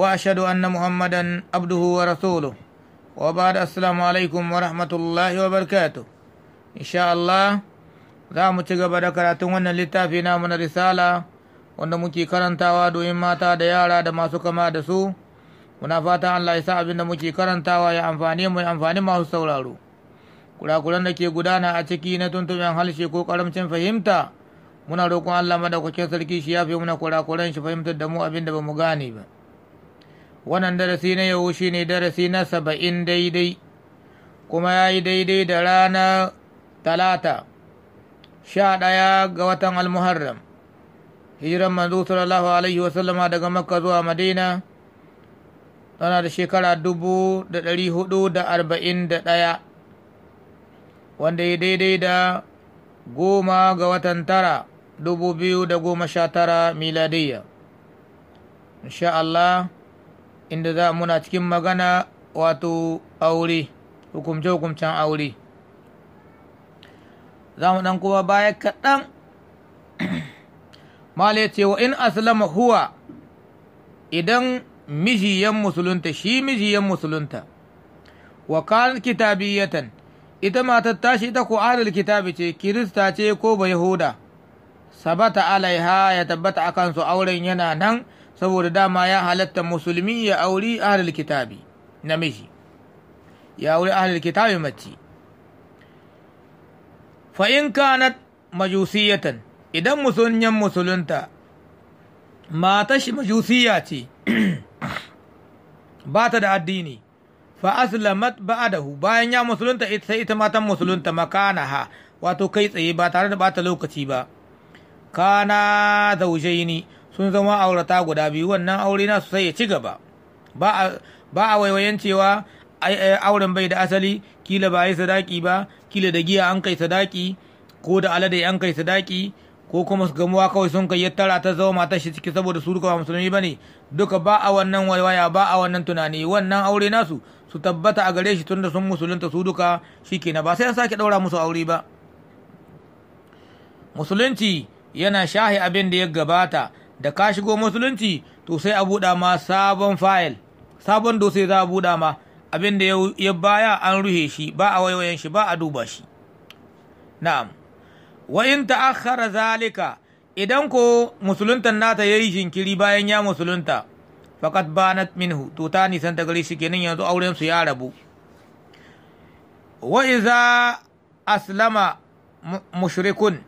واشهد ان محمدا عبده ورسوله وبعد السلام alaikum wa rahmatullahi wa barakatuh insha Allah za mu ci gaba da karatun wannan littafi na na risala wanda muke karantawa domin mata da yara da masu kama da su muna fata Allah ya sa abin da muke karantawa ya amfani mu amfani masu sauraro kurakuran da ke gudana a ciki na tuntuɓen halshe ko karamcin fahimta muna roƙon Allah madaukakin sarki shi ya fi muna kurakuran shi fahimtar da mu abin da ba mu gane ba wannan darasi na yau shi ne darasi na saba'in daidai kuma ya yi daidai da ranar talata sha ɗaya ga watan almuharram hijiran manzo sallallahu alaihi wasallama daga makka zuwa madina tana da shekara dubu da ɗari hudu da arba'in da ɗaya wanda ya daidai da goma ga watan tara dubu biyu da goma sha tara miladiyya insha Allah inda za muna cikin magana wato aure hukumce-hukumcen aure za mu ɗan kuma baya kaɗan malai ce wa in aslama huwa idan mijiyan musulunta shi mijiyan musulunta wa kan kitabiyatan ita matar tashi ita ko adal kitabi ce kirista ce ko ba yahuda sabata alaiha ya tabbata a kansu auren yana nan saboda dama ya halatta musulmi ya auri ahlul kitabi namiji ya auri ahlul kitabi mace fa in kanat majusiyatan idan musulmin musulunta mata shi majusiya ce ba ta da addini fa aslamat ba'dahu bayan ya musulunta sai ita matan musulunta makanaha wato kai tsaye ba tare da bata lokaci ba kana zaujaini sun zama aurata guda biyu wannan aure nasu sai ya ci gaba ba a waiwayen cewa eh, auren bai da asali kila ba yi sadaki ba kila da giya an kai sadaki ko da alade an kai sadaki ko kuma su gamuwa kawai sun kai yattara ta zama matar shi ciki saboda su duka ba musulmi ne, duka ba a wannan waiwaya ba a wannan tunani wannan aure nasu su tabbata a gare shi tunda sun musulunta su duka shi na ba sai an sake ɗaura musu aure ba musulunci yana shahi abin da ya gabata da ka shigo musulunci to sai a buɗa ma sabon fayil sabon dose za a buɗa ma abin da ya baya an ruhe shi ba a wayoyin shi ba a duba shi na'am wa in ta'akhkhara zalika idan ko musuluntan nata yayi jinkiri bayan ya musulunta faqat banat minhu to ta nisan ta gari shi kenan yanzu auren su ya rabu wa iza aslama mushrikun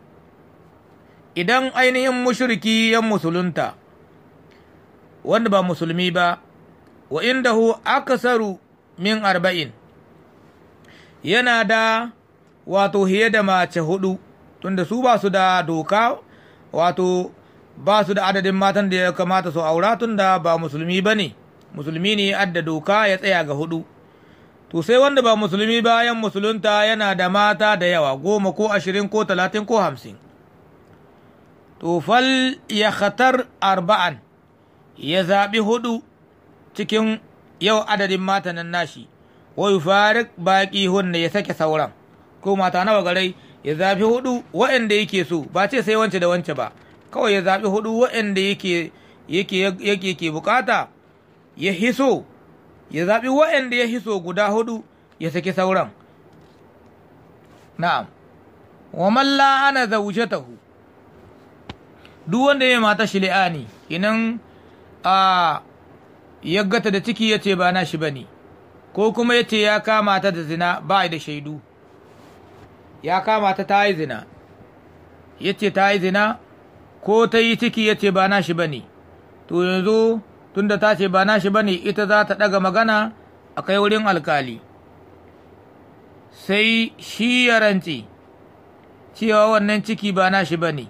idan ainihin mushriki yan musulunta wanda ba musulmi ba wa inda aka aksaru min arba'in yana da wato hiye da mace hudu tunda su ba su da doka wato ba su da adadin matan da ya kamata su aura tunda ba musulmi ba ne musulmi ne adda doka ya tsaya ga hudu to sai wanda ba musulmi bayan musulunta yana da mata da yawa goma ko ashirin ko talatin ko hamsin to ya khatar arba'an ya zaɓi hudu cikin yau adadin mata nan nashi wa yufarik baƙi hunna ya sake sauran ko mata nawa garai ya zaɓi hudu waɗanda yake so ba ce sai wance da wance ba kawai ya zaɓi hudu waɗanda yake yake ke bukata ya hiso ya zaɓi ya hiso guda hudu ya saki sauran na'am wa man la'ana zawjatahu duk wanda ya mata shi li'ani inan a ya gata da ciki ya ce ba na shi ba ne, ko kuma ya ce ya kama ta da zina ba da shaidu ya kama ta ta yi zina ya ce ta yi zina ko ta yi ciki ya ce ba na shi ba ne, to yanzu tunda ta ce ba na shi ba ne ita za ta ɗaga magana a kai wurin alkali sai shi ya rance cewa wannan ciki ba na shi ba ne.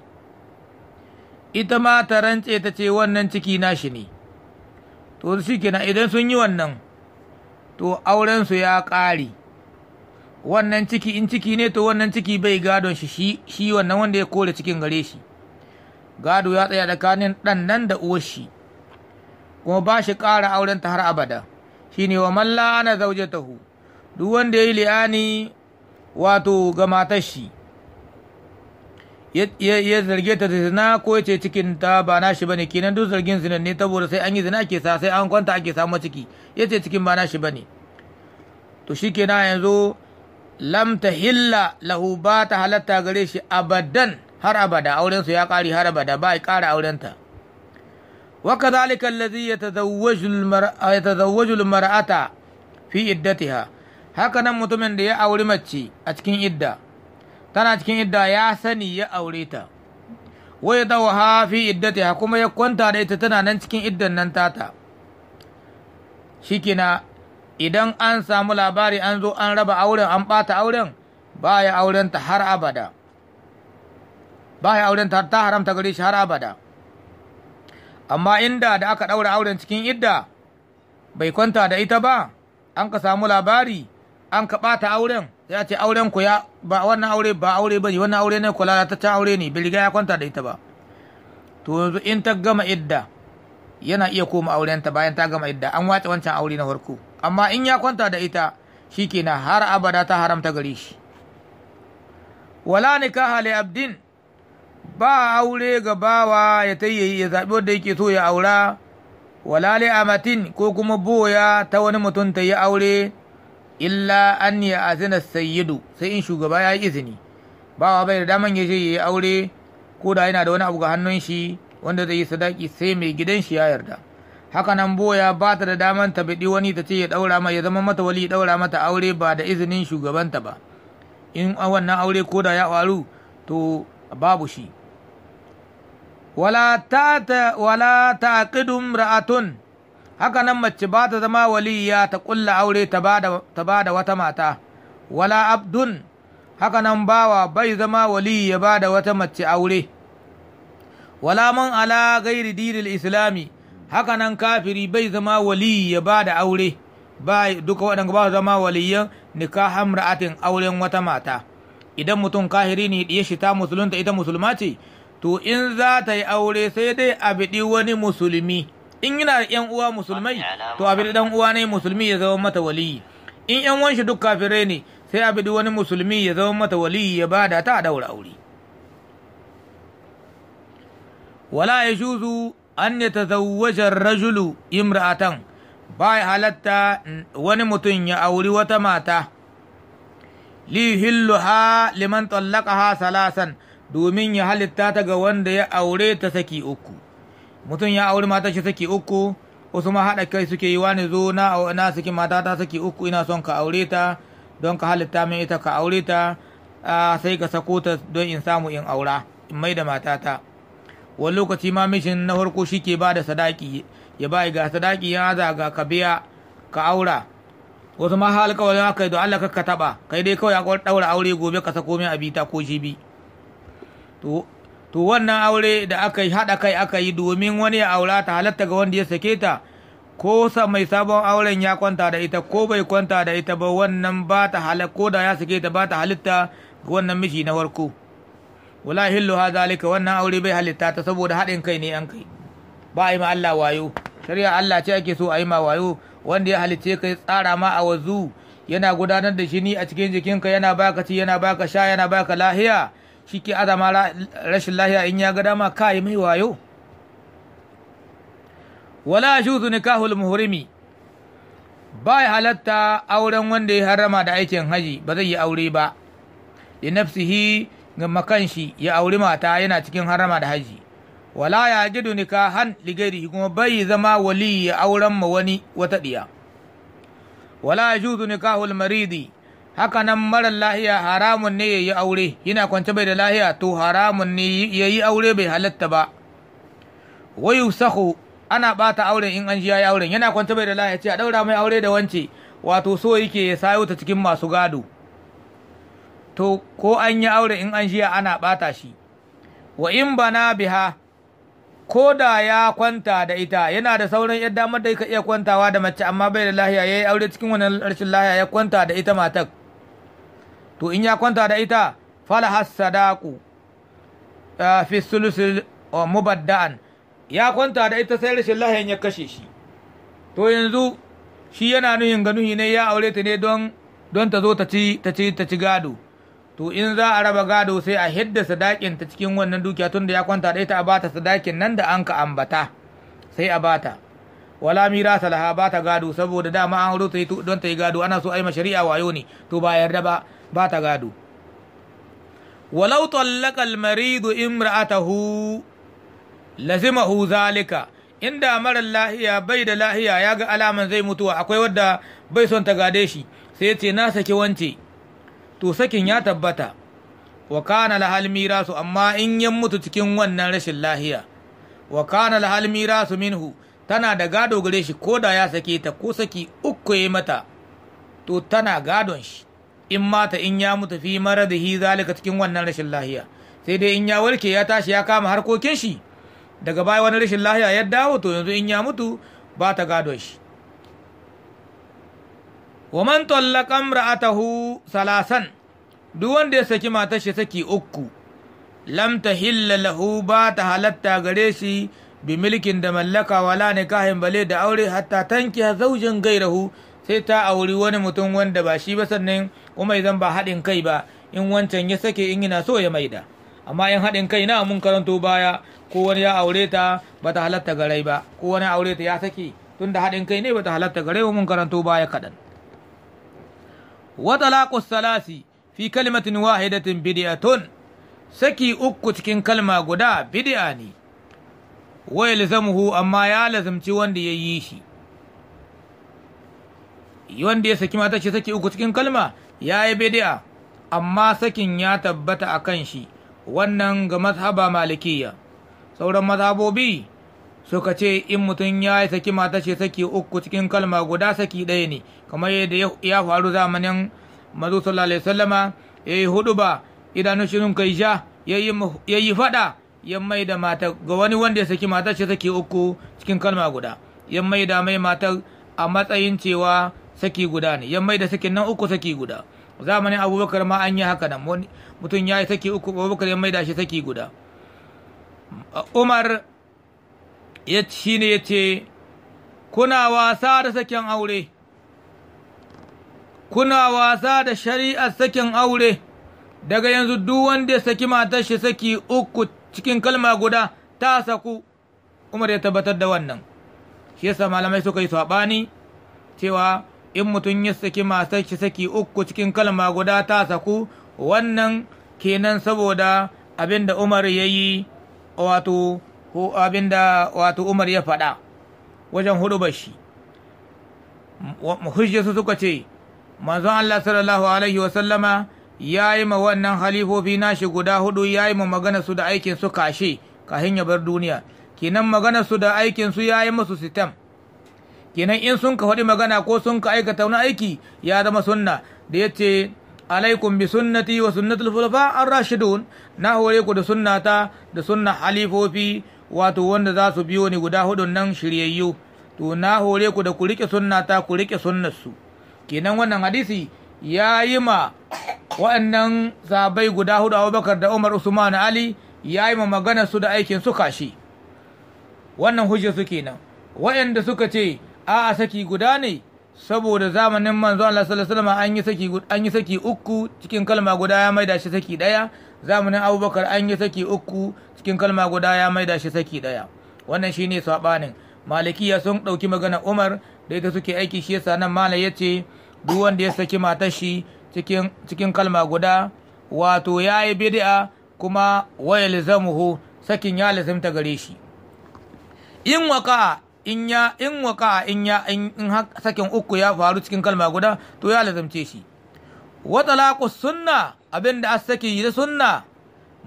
ita ma ta rantse ta ce wannan ciki nashi ne to shi kenan idan sun yi wannan to aurensu ya ƙare wannan ciki in ciki ne to wannan ciki bai gadon shi shi wannan wanda ya kore cikin gare shi gado ya tsaya tsakanin ɗan nan da uwar shi kuma ba shi ƙara auren ta har abada Shi ne wa mallana ana zaujatahu duk wanda ya yi li'ani wato ga matar shi ya zarge ta da zina ko ya ce cikin ta ba na nashi bane kenan duk zargin zina ne saboda sai an yi zina ke sa sai an kwanta ake samu ciki ya ce cikin ba na shi bane to shi kenan yanzu lamta ta hilla lahu ba ta halatta gare shi abadan har abada aurensu ya kari har abada ba ya ta aurenta وكذلك الذي يتزوج fi iddatiha Haka nan mutumin da ya auri mace a cikin idda. tana cikin idda ya sani ya aure ta wai ya ta waha fi ta kuma ya kwanta da ita tana nan cikin iddan nan tata shikina idan an samu labari an zo an raba auren an ɓata auren ba ya auren ta har abada ba ya auren ta ta haramta gare shi har abada amma inda da aka ɗaura auren cikin idda bai kwanta da ita ba an ka samu labari an ka ɓata auren a ce auren ku ya ba wannan aure ba aure bane wannan aure ne kula ta ta aure ne bai ya kwanta da ita ba to yanzu in ta gama idda yana iya koma aurenta bayan ta gama idda an wace wancan aure na farko amma in ya kwanta da ita shikenan har abada ta haramta gare shi wala nikaha li abdin ba aure ga bawa ya tayyayi ya zabi wanda yake so ya aura wala li amatin ko kuma boya ta wani mutum ta yi aure illa an ya azina sayyidu sai in shugaba ya yi izini bawa bai da daman ya je ya yi aure ko da yana da wani abu ga hannun shi wanda zai yi sadaki sai mai gidan shi ya yarda haka nan boya ba ta da daman ta biɗi wani ta ce ya ɗaura mai ya zama mata wali ya ɗaura mata aure ba da izinin shugabanta ba in wannan aure ko da ya faru to babu shi wala ta wala taqidum ra'atun haka nan mace ba ta zama waliya ta ƙulla aure ta ba da wata mata wala abdun haka nan bawa bai zama ya ba da wata mace aure wala man ala gairi dinil islami haka nan kafiri bai zama ya ba da aure ba duka waɗanda ba zama waliyan nikahan ra'atin auren wata mata idan mutum kahiri ne ya shi ta musulunta ita musulma ce to in za ta yi aure sai dai a biɗi wani musulmi in yana da yan uwa musulmai to abin dan uwa ne musulmi ya zama mata waliyi in yan wanshi duk kafirai ne sai abin wani musulmi ya zama mata waliyi ya bada ta daura aure wala ya shuzu an ya ar rajulu imra'atan ba halatta wani mutum ya auri wata mata lihilluha liman tallaqaha salasan domin ya halitta ta ga wanda ya aure ta saki uku mutum ya auri mata shi saki uku wasu ma haɗa kai suke yi wani zo na na suke mata ta saki uku ina son ka aure ta don ka halitta min ita ka aure ta sai ka sako ta don in samu in aura in mai da matata wani lokaci ma mishin na farko shi ke ba da sadaki ya ba ga sadaki ya za ga ka biya ka aura wasu ma kawai ma kai don Allah ka taɓa kai dai kawai akwai ɗaura aure gobe ka sako min abita ko jibi to to wannan aure da aka yi haɗa kai aka yi domin wani ya aura ta halatta ga wanda ya sake ta ko mai sabon auren ya kwanta da ita ko bai kwanta da ita ba wannan ba ta halatta ko da ya sake ta ba ta halitta ga wannan miji na warko wala hillu ha zalika wannan aure bai halitta ta saboda haɗin kai ne an kai ba a yi ma Allah wayo shari'a Allah ce ake so a yi ma wayo wanda ya halicce kai tsara ma a wazu yana gudanar da shi ni a cikin jikinka yana baka ci yana baka sha yana baka lahiya shi ke adama rashin lahiya in ya ga dama ka mai wayo wala shuzu nikahul muhurimi. ba halatta auren wanda ya harama da aikin haji ba zai yi aure ba li nafsihi ga makanshi ya auri mata yana cikin harama da haji wala ya gidu nikahan ligairihi kuma bai zama wali ya auren ma wani wata diya wala ya juzu nikahul maridi haka nan marar lahiya haramun ne ya yi aure yana kwance bai da lahiya to haramun ne ya yi aure bai halatta ba wai ana bata auren in an ji ya yi auren yana kwance bai da lahiya ce a daura mai aure da wance wato so yake ya sayo ta cikin masu gado to ko an yi aure in an jiya ana bata shi wa in bana biha ko da ya kwanta da ita yana da sauran yadda damar da iya kwantawa da mace amma bai da lahiya ya yi aure cikin wani rashin lahiya ya kwanta da ita matar to in ya kwanta da ita falahas sadaku fi sulusul mubadda'an ya kwanta da ita sai rashin lahayin ya kashe shi to yanzu shi yana nuhin ga nuhi ne ya aure ta ne don don ta zo ta ci ta ci ta ci gado to in za a raba gado sai a hidda sadakin ta cikin wannan dukiya tunda ya kwanta da ita a bata sadakin nan da an ka ambata sai a bata wala mira salaha bata gado saboda dama an aure don ta yi gado ana so a yi shari'a wayo ne to ba yarda ba ba ta gado walau tallaka almaridu imra'atahu lazimahu zalika inda marar lahiya bai da lahiya ya ga alaman zai mutuwa akwai wadda bai son ta gade shi sai ce na saki wance to sakin ya tabbata wa kana lahal mirasu amma in ya mutu cikin wannan rashin lahiya wa kana lahal mirasu minhu tana da gado gare shi ko da ya sake ta ko saki uku ya mata to tana gadon shi in mata in ya mutu fi mara da hiza zalika cikin wannan rashin lahiya sai dai in ya warke ya tashi ya kama harkokin shi daga baya wani rashin lahiya ya dawo to yanzu in ya mutu ba ta gado shi wa man tallaqa imra'atahu salasan duk wanda ya saki matar shi saki uku lamta tahilla lahu ba ta halatta gare shi bi milkin da mallaka wala nikahin bale da aure hatta tanki zaujin gairahu sai ta auri wani mutum wanda ba shi ba sannan kuma idan ba haɗin kai ba in wancan ya sake in yana so ya maida amma in haɗin kai na mun karanto baya ko wani ya aure ta ba ta halatta garai ba ko wani aure ta ya sake tun da haɗin kai ne ba ta halatta garai ba mun karanto baya kaɗan wata laƙus salasi fi kalimatin wahidatin bidiyatun saki uku cikin kalma guda bidiya ne wai yalzamuhu amma ya lazamci wanda ya yi shi wanda ya saki mata ce saki uku cikin kalma ya yi bidi'a amma sakin ya tabbata a kan shi wannan ga mazhaba malikiya sauran mazhabobi suka ce in mutum ya yi saki mata ce saki uku cikin kalma guda saki ɗaya ne kamar yadda ya faru zamanin mazu sallallahu alaihi ya yi hudu ba idanun shirin kai ja ya yi faɗa ya mai da mata ga wani wanda ya saki mata ce saki uku cikin kalma guda ya mai da mai matar a matsayin cewa saki guda ne ya mai da sakin nan uku saki guda zamanin abubakar ma an yi haka nan mutum ya yi saki uku abubakar ya mai da shi saki guda umar ya shi ne ya ce kuna wasa da sakin aure kuna wasa da shari'ar sakin aure daga yanzu duk wanda ya saki matar shi saki uku cikin kalma guda ta saku umar ya tabbatar da wannan shi yasa malamai suka yi saɓani cewa in mutum ya saki matar shi saki uku cikin kalma guda ta saku wannan kenan saboda abin da Umar ya yi wato wato Umar ya faɗa wajen hudu shi hujjarsu suka ce manzon Allah sallallahu alaihi wasallama ya yi ma wannan halifofi nashi guda hudu ya yi ma magana su da aikin kashe kahin ya bar duniya kenan magana su da aikinsu ya yi musu sitam kenan in sun ka faɗi magana ko sun ka aikata wani aiki ya zama sunna da ya ce alaikum bi sunnati wa sunnatul khulafa ar-rashidun na hore ku da sunnata da sunna halifofi wato wanda za su biyo ni guda hudun nan shiryayyu to na hore ku da ku rike sunnata ku rike sunnarsu kenan wannan hadisi ya yi ma waɗannan zabai guda hudu Abubakar da Umar Usman Ali ya yi ma maganar su da aikin su kashi wannan hujja su kenan waɗanda suka ce a'a saki guda ne saboda zamanin manzo Allah sallallahu alaihi wasallam an yi saki an yi saki uku cikin kalma guda ya maida shi saki daya zamanin Abubakar an yi saki uku cikin kalma guda ya maida shi saki daya wannan shine sabanin malikiya sun dauki magana Umar da ita suke aiki shi yasa nan malai yace duk wanda ya saki matar shi cikin cikin kalma guda wato yayi bid'a kuma wayalzamuhu sakin ya lazimta gare shi in waka in ya in waka in ya in sakin uku ya faru cikin kalma guda to ya lazamce shi wa talaqu sunna abinda as saki yi sunna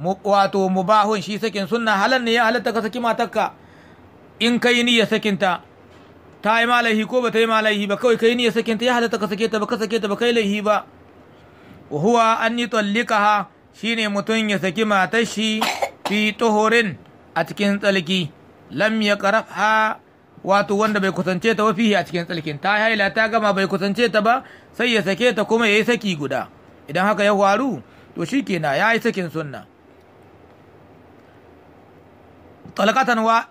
wato mubahun shi sakin sunna halan ne ya halatta ka saki matarka in kai niyya sakin ta ta yi malaihi ko ba ta yi malaihi ba kawai kai niyya sakin ta ya halatta ka sake ta ba ka sake ta ba kai laihi ba wa huwa an yi tallikaha shine mutum ya saki matar shi fi tuhurin a cikin tsalki lam ya wato wanda bai kusance ta wafihi a cikin tsalkin ta haila ta gama bai kusance ta ba sai ya sake ta kuma ya yi saki guda idan haka ya faru to shi kenan ya yi sakin sunna talakatan wa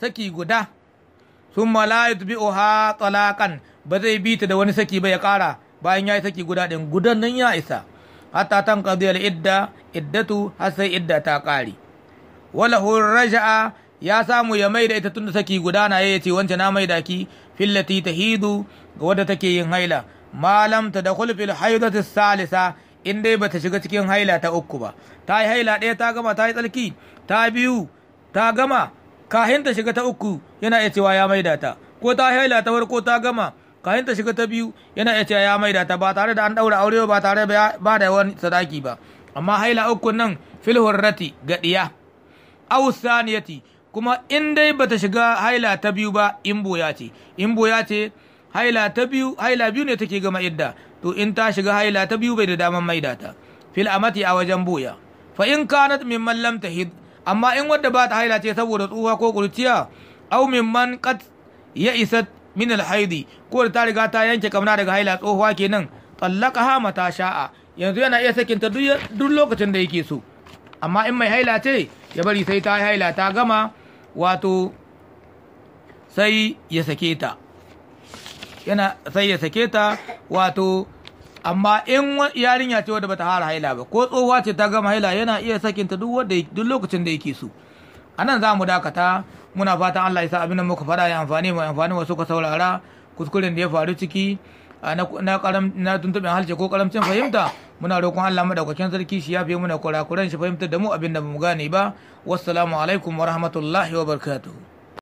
saki guda sun malayu bi oha ba zai bi ta da wani saki ba ya kara bayan ya yi saki guda din gudan nan ya isa hatta tan qadi idda iddatu har sai idda ta kare wala raja'a ya samu ya maida ita tunda take gudana ya ce wance na mai da ki fillati tahidu ga wadda take yin haila malam ta da fil haidati salisa in dai bata shiga cikin haila ta uku ba ta yi haila ɗaya ta gama ta yi tsalki ta biyu ta gama kahin ta shiga ta uku yana iya cewa ya maida ta ko ta yi haila ta farko ta gama kahin ta shiga ta biyu yana iya cewa ya maida ta ba tare da an daura aure ba tare ba da wani sadaki ba amma haila uku nan fil hurrati ga aw saniyati kuma in dai bata shiga haila ta biyu ba in boya ce in boya ce haila ta biyu haila biyu ne take gama idda to in ta shiga haila ta biyu bai da daman maida ta fil amati a wajen boya fa in kanat mimman lam tahid amma in wadda ba ta haila ce saboda tsufa ko kurciya au mimman qad ya isat min alhaidi ko da ta riga ta yanke kamna daga haila tsohuwa kenan tallaqaha mata sha'a yanzu yana iya sakinta duk lokacin da yake so amma in mai haila ce ya bari sai ta haila ta gama wato sai ya sake ta yana sai ya sake ta wato amma in yarinya ce wadda bata hara haila ba ko tsohuwa ce ta gama haila yana iya sakinta duk wanda duk lokacin da yake so anan za mu dakata muna fatan Allah ya sa abin da muka fara ya amfani mu amfane wasu ka saurara kuskuren da ya faru ciki na tuntuɓin halce ko karamcin fahimta muna roƙon Allah madaukakin sarki shi yafe muna kurakuran shi fahimtar da mu abin da mu gane ba wassalamu alaikum wa rahmatullahi wa barkatu.